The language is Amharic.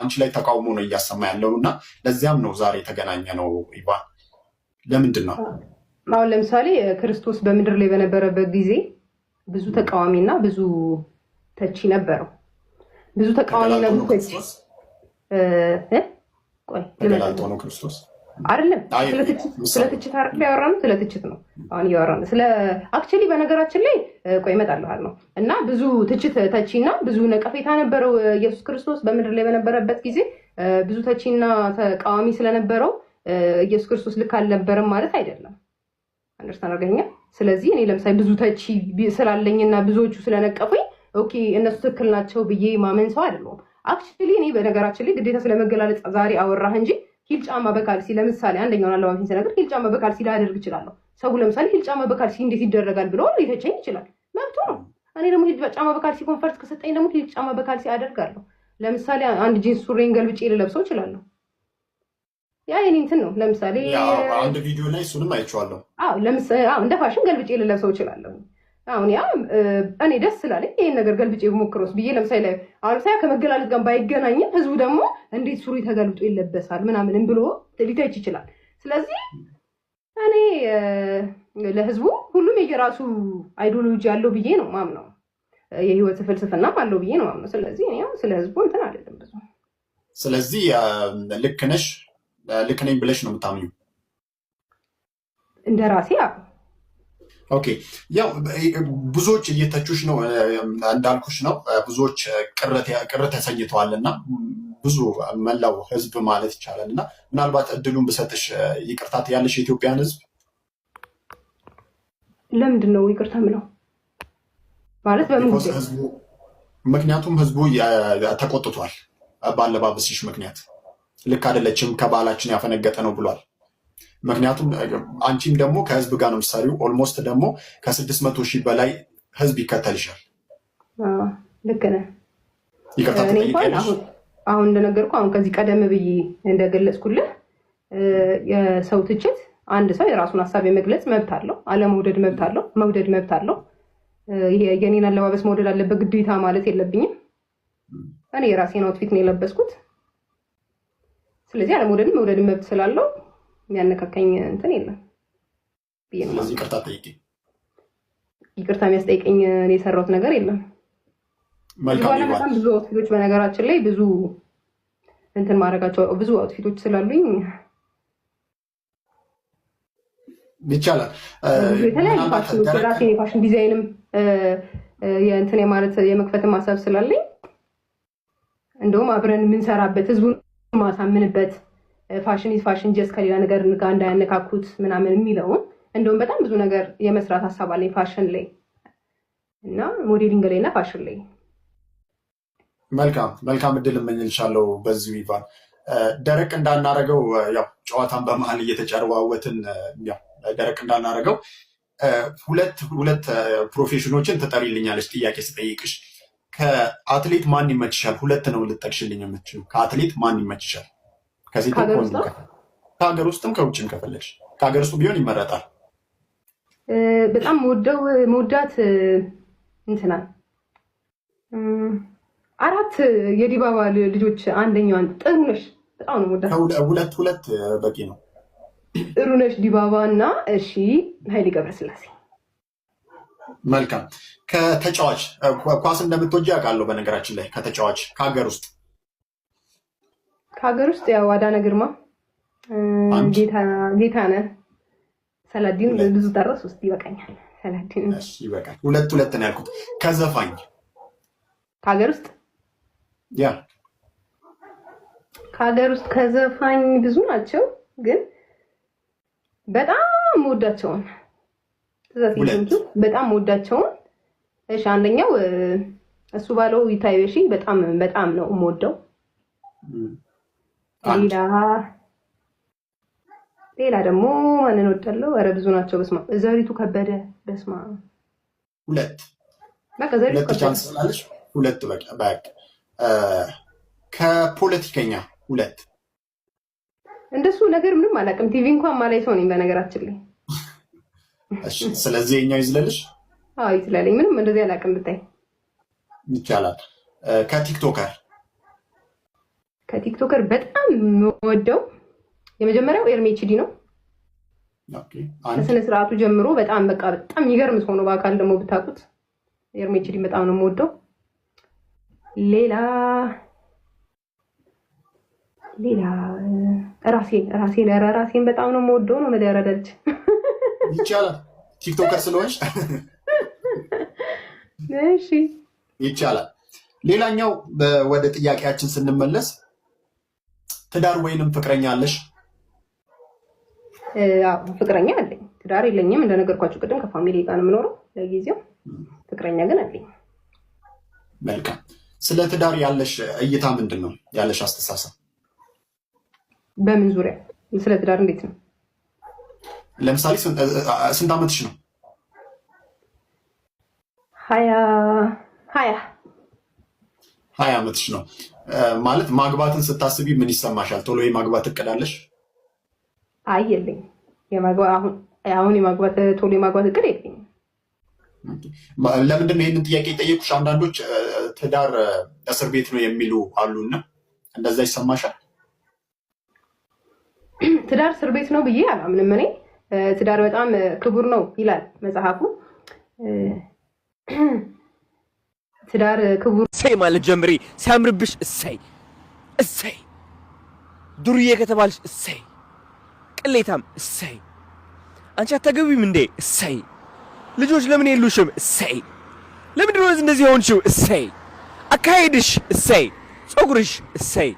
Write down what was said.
አንቺ ላይ ተቃውሞ ነው እያሰማ ያለው እና ለዚያም ነው ዛሬ የተገናኘ ነው። ይባል ለምንድን ነው አሁን ለምሳሌ ክርስቶስ በምድር ላይ በነበረበት ጊዜ ብዙ ተቃዋሚ እና ብዙ ተቺ ነበረው። ብዙ ተቃዋሚ ነው ክርስቶስ አይደለም ስለ ትችት አይደል ያወራነው? ስለ ትችት ነው አሁን እያወራነው። ስለ አክቹዋሊ በነገራችን ላይ ቆይ እመጣልሃል ነው እና ብዙ ትችት ተቺና ብዙ ነቀፌታ ነበረው ኢየሱስ ክርስቶስ በምድር ላይ በነበረበት ጊዜ ብዙ ተቺና ተቃዋሚ ስለነበረው ኢየሱስ ክርስቶስ ልክ አልነበረም ማለት አይደለም። አንደርስታንድ አድርገኸኛል። ስለዚህ እኔ ለምሳሌ ብዙ ተቺ ስላለኝና ብዙዎቹ ስለነቀፉኝ ኦኬ እነሱ ትክክል ናቸው ብዬ ማመን ሰው አይደለሁም። አክቹዋሊ እኔ በነገራችን ላይ ግዴታ ስለመገላለጽ ዛሬ አወራህ እንጂ ሂል ጫማ በካልሲ ለምሳሌ አንደኛውን አለባበሴን ስነግር ሂል ጫማ በካልሲ ላደርግ እችላለሁ። ሰው ለምሳሌ ሂል ጫማ በካልሲ እንዴት ይደረጋል ብሎ ሊተቸኝ ይችላል፣ መብቱ ነው። እኔ ደግሞ ሂል ጫማ በካልሲ ኮንፈርት ከሰጠኝ ደግሞ ሂል ጫማ በካልሲ አደርጋለሁ። ለምሳሌ አንድ ጂንስ ሱሬን ገልብጬ ልለብሰው እችላለሁ። ያ የኔ እንትን ነው። ለምሳሌ አንድ ቪዲዮ ላይ እሱንም አይቼዋለሁ። ለምሳሌ እንደ ፋሽን ገልብጬ ልለብሰው እችላለሁ። አሁን ያ እኔ ደስ ስላለኝ ይሄን ነገር ገልብጬ ብሞክረውስ ብዬ ለምሳሌ ላይ አሁን ከመገላለጥ ጋር ባይገናኝም ህዝቡ ደግሞ እንዴት ሱሪ ተገልብጦ ይለበሳል ምናምንም ብሎ ሊተች ይችላል። ስለዚህ እኔ ለህዝቡ ሁሉም የየራሱ አይዲዮሎጂ አለው ብዬ ነው ማምነው። የህይወት ፍልስፍና አለው ብዬ ነው ማምነው። ስለዚህ ስለ ህዝቡ እንትን አይደለም ብዙ። ስለዚህ ልክ ነሽ ልክ ነኝ ብለሽ ነው የምታምኙ? እንደ ራሴ ኦኬ ያው ብዙዎች እየተቹሽ ነው እንዳልኩሽ ነው። ብዙዎች ቅር ተሰኝተዋል እና ብዙ መላው ህዝብ ማለት ይቻላል እና ምናልባት እድሉን ብሰጥሽ ይቅርታት ያለሽ የኢትዮጵያን ህዝብ ለምንድን ነው ይቅርታ ምለው ማለት ምክንያቱም ህዝቡ ተቆጥቷል። በአለባበስሽ ምክንያት ልክ አይደለችም፣ ከባህላችን ያፈነገጠ ነው ብሏል። ምክንያቱም አንቺም ደግሞ ከህዝብ ጋር ነው የምትሰሪው። ኦልሞስት ደግሞ ከስድስት መቶ ሺህ በላይ ህዝብ ይከተልሻል። ልክ ነህ። ይቅርታ አሁን አሁን ከዚህ ቀደም ብዬ እንደገለጽኩልህ የሰው ትችት አንድ ሰው የራሱን ሀሳብ የመግለጽ መብት አለው። አለመውደድ መብት አለው። መውደድ መብት አለው። የኔን አለባበስ መውደድ አለበት ግዴታ ማለት የለብኝም። እኔ የራሴን አውትፊት ነው የለበስኩት። ስለዚህ አለመውደድ መውደድ መብት ስላለው የሚያነካካኝ እንትን የለም። ስለዚህ ይቅርታ ጠይቂ። ይቅርታ የሚያስጠይቀኝ የሰራሁት ነገር የለም። በኋላ በጣም ብዙ አውትፊቶች በነገራችን ላይ ብዙ እንትን ማድረጋቸው ብዙ አውትፊቶች ስላሉኝ ይቻላል። የተለያዩ የፋሽን ዲዛይንም የእንትን የማለት የመክፈት ማሰብ ስላለኝ እንደውም አብረን የምንሰራበት ህዝቡን ማሳምንበት ፋሽን ኢዝ ፋሽን ጀስ ከሌላ ነገር ጋር እንዳያነካኩት ምናምን የሚለውን እንደውም በጣም ብዙ ነገር የመስራት ሀሳብ አለኝ ፋሽን ላይ እና ሞዴሊንግ ላይ እና ፋሽን ላይ። መልካም መልካም እድል እመኝልሻለሁ። በዚሁ ይባል ደረቅ እንዳናረገው ያው ጨዋታን በመሀል እየተጨርዋወትን ደረቅ እንዳናረገው ሁለት ሁለት ፕሮፌሽኖችን ትጠሪልኛለች ጥያቄ ስጠይቅሽ። ከአትሌት ማን ይመችሻል? ሁለት ነው ልጠቅሽልኝ ከአትሌት ማን ይመችሻል? ከሴት ከሀገር ውስጥም ከውጭም ከፈለግሽ ከሀገር ውስጥ ቢሆን ይመረጣል። በጣም ወደው መወዳት እንትናል አራት የዲባባ ልጆች አንደኛዋን ጥሩ ነሽ፣ በጣም ነው ወዳት። ሁለት ሁለት በቂ ነው። ጥሩ ነሽ ዲባባ እና እሺ ኃይሌ ገብረስላሴ መልካም ከተጫዋች ኳስ እንደምትወጂ ያውቃለሁ። በነገራችን ላይ ከተጫዋች ከሀገር ውስጥ ከሀገር ውስጥ ያው አዳነ ግርማ፣ ጌታ ጌታነህ፣ ሰላዲን ብዙ ጠረስ ውስጥ ይበቃኛል። ሰላዲን ይበቃል። ሁለት ሁለት ነው ያልኩት። ከዘፋኝ ከሀገር ውስጥ ያ ከሀገር ውስጥ ከዘፋኝ ብዙ ናቸው፣ ግን በጣም ወዳቸውን በጣም ወዳቸውን። እሺ አንደኛው እሱ ባለው ይታየሽ በጣም በጣም ነው የምወደው ሌላ ሌላ ደግሞ ማንን ወዳለው? ኧረ ብዙ ናቸው። በስማ ዘሪቱ ከበደ በስማ ሁለት በቃ ዘሪቱ ከበደ ሁለት በቃ በቃ ከፖለቲከኛ ሁለት እንደሱ ነገር ምንም አላውቅም። ቲቪ እንኳን ማላይ ሰው ነኝ በነገራችን ላይ። እሺ፣ ስለዚህ የኛው ይዝለልሽ? አዎ ይዝለልኝ። ምንም እንደዚህ አላውቅም ብታይ ይቻላል። ከቲክቶከር ከቲክቶከር በጣም የምወደው የመጀመሪያው ኤርሜችዲ ነው። ከስነ ስርዓቱ ጀምሮ በጣም በቃ በጣም የሚገርም ሰው ነው። በአካል ደግሞ ብታውቁት ኤርሜችዲ በጣም ነው የምወደው። ሌላ ሌላ ራሴን ራሴን ኧረ ራሴን በጣም ነው የምወደው ነው መደረደች ይቻላል። ቲክቶከር ስለሆንሽ እሺ ይቻላል። ሌላኛው ወደ ጥያቄያችን ስንመለስ ትዳር ወይንም ፍቅረኛ አለሽ? ፍቅረኛ አለኝ። ትዳር የለኝም። እንደነገርኳቸው ቅድም ከፋሚሊ ጋር ነው የምኖረው። ለጊዜው ፍቅረኛ ግን አለኝ። መልካም። ስለ ትዳር ያለሽ እይታ ምንድን ነው? ያለሽ አስተሳሰብ በምን ዙሪያ? ስለ ትዳር እንዴት ነው? ለምሳሌ ስንት ዓመትሽ ነው? ሀያ ሀያ ሀያ ዓመትሽ ነው ማለት ማግባትን ስታስቢ ምን ይሰማሻል? ቶሎ የማግባት እቅዳለሽ? አይ የለኝም። አሁን የማግባት ቶሎ የማግባት እቅድ የለኝም። ለምንድነው ይህንን ጥያቄ የጠየቁሽ? አንዳንዶች ትዳር እስር ቤት ነው የሚሉ አሉና እንደዛ ይሰማሻል? ትዳር እስር ቤት ነው ብዬ አላምንም። እኔ ትዳር በጣም ክቡር ነው ይላል መጽሐፉ። ትዳር ክቡር እሰይ ማለት ጀምሪ። ሲያምርብሽ እሰይ እሰይ፣ ዱርዬ ከተባልሽ እሰይ፣ ቅሌታም እሰይ፣ አንቺ አታገቢም እንዴ እሰይ፣ ልጆች ለምን የሉሽም እሰይ፣ ለምንድን ነው እንደዚህ የሆንሽው እሰይ፣ አካሄድሽ እሰይ፣ ፀጉርሽ እሰይ